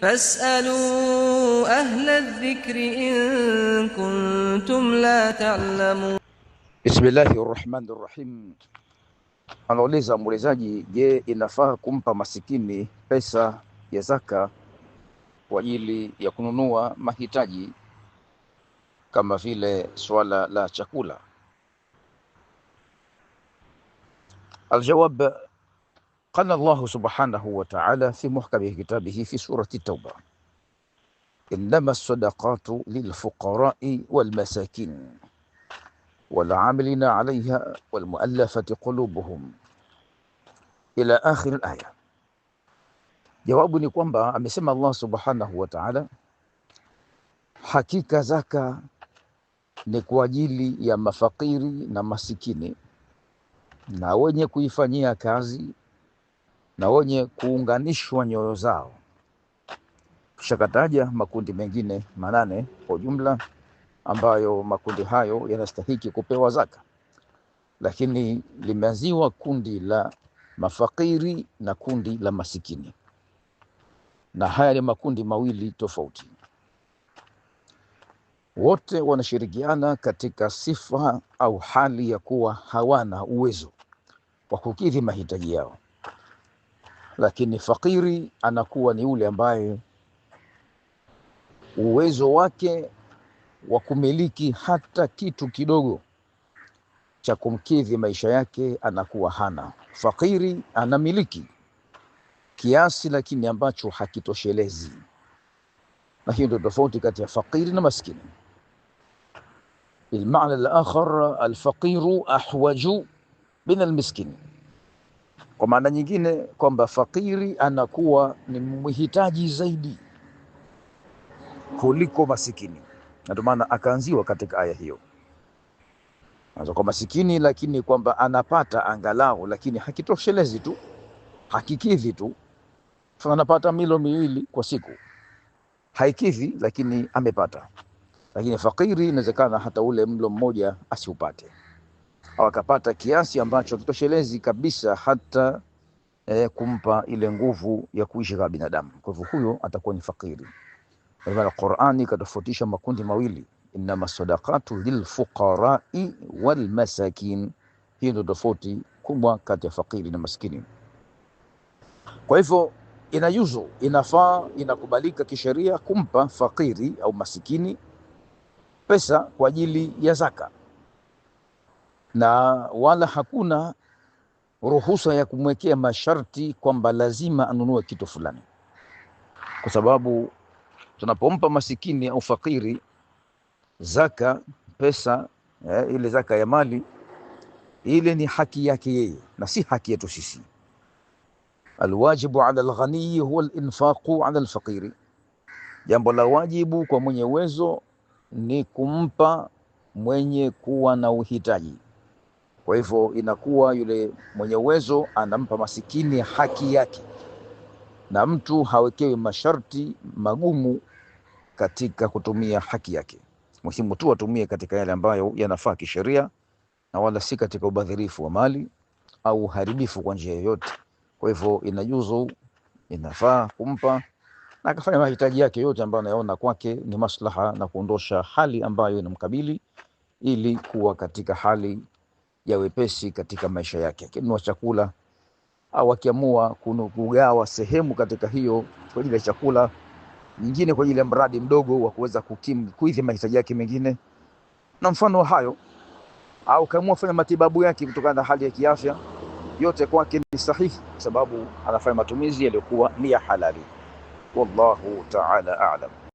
فاسألوا أهل الذكر إن كنتم لا تعلمون بسم الله الرحمن الرحيم anauliza muulizaji, je, inafaa kumpa masikini pesa ya zaka kwa ajili ya kununua mahitaji kama vile swala la chakula? Aljawab قال الله سبحانه وتعالى في محكم كتابه في سورة التوبة إنما الصدقات للفقراء والمساكين والعاملين عليها والمؤلفة قلوبهم إلى آخر الآية جواب ni kwamba amesema Allah subhanahu wa ta'ala, hakika zaka ni kwa ajili na wenye kuifanyia kazi na wenye kuunganishwa nyoyo zao. Kisha kataja makundi mengine manane kwa ujumla, ambayo makundi hayo yanastahiki kupewa zaka, lakini limeanziwa kundi la mafakiri na kundi la masikini, na haya ni makundi mawili tofauti. Wote wanashirikiana katika sifa au hali ya kuwa hawana uwezo wa kukidhi mahitaji yao. Lakini fakiri anakuwa ni yule ambaye uwezo wake wa kumiliki hata kitu kidogo cha kumkidhi maisha yake anakuwa hana. Fakiri anamiliki kiasi, lakini ambacho hakitoshelezi, na hiyo ndio tofauti kati ya fakiri na maskini. bilmana lakhar alfaqiru ahwaju min almiskini kwa maana nyingine kwamba fakiri anakuwa ni mhitaji zaidi kuliko masikini, na ndio maana akaanziwa katika aya hiyo anza kwa masikini, lakini kwamba anapata angalau, lakini hakitoshelezi tu, hakikidhi tu. Anapata milo miwili kwa siku haikidhi, lakini amepata. Lakini fakiri inawezekana hata ule mlo mmoja asiupate wakapata kiasi ambacho kitoshelezi kabisa hata e, kumpa ile nguvu ya kuishi kama binadamu. Kwa hivyo huyo atakuwa ni fakiri. Kwa Qur'ani ikatofautisha makundi mawili, innama sadaqatu lilfuqarai walmasakin. Hii ndio tofauti kubwa kati ya fakiri na maskini. Kwa hivyo inayuzu, inafaa, inakubalika kisheria kumpa fakiri au masikini pesa kwa ajili ya zaka na wala hakuna ruhusa ya kumwekea masharti kwamba lazima anunue kitu fulani, kwa sababu tunapompa masikini au fakiri zaka pesa eh, ile zaka ya mali ile ni haki yake yeye na si haki yetu sisi. Alwajibu ala alghaniyi huwa alinfaqu ala alfaqiri, jambo la wajibu kwa mwenye uwezo ni kumpa mwenye kuwa na uhitaji. Kwa hivyo inakuwa yule mwenye uwezo anampa masikini haki yake, na mtu hawekewi masharti magumu katika kutumia haki yake. Muhimu tu atumie katika yale ambayo yanafaa kisheria, na wala si katika ubadhirifu wa mali au uharibifu kwa njia yoyote. Kwa hivyo inajuzu, inafaa kumpa na akafanya mahitaji yake yote ambayo anayaona kwake ni maslaha na kuondosha hali ambayo inamkabili ili kuwa katika hali ya wepesi katika maisha yake, akinunua chakula au akiamua kugawa sehemu katika hiyo kwa ajili ya chakula, nyingine kwa ajili ya mradi mdogo wa kuweza kukidhi mahitaji yake mengine na mfano wa hayo, au kaamua kufanya matibabu yake kutokana na hali ya kiafya, yote kwake ni sahihi, kwa sababu anafanya matumizi yaliyokuwa ni ya halali. Wallahu ta'ala a'lam.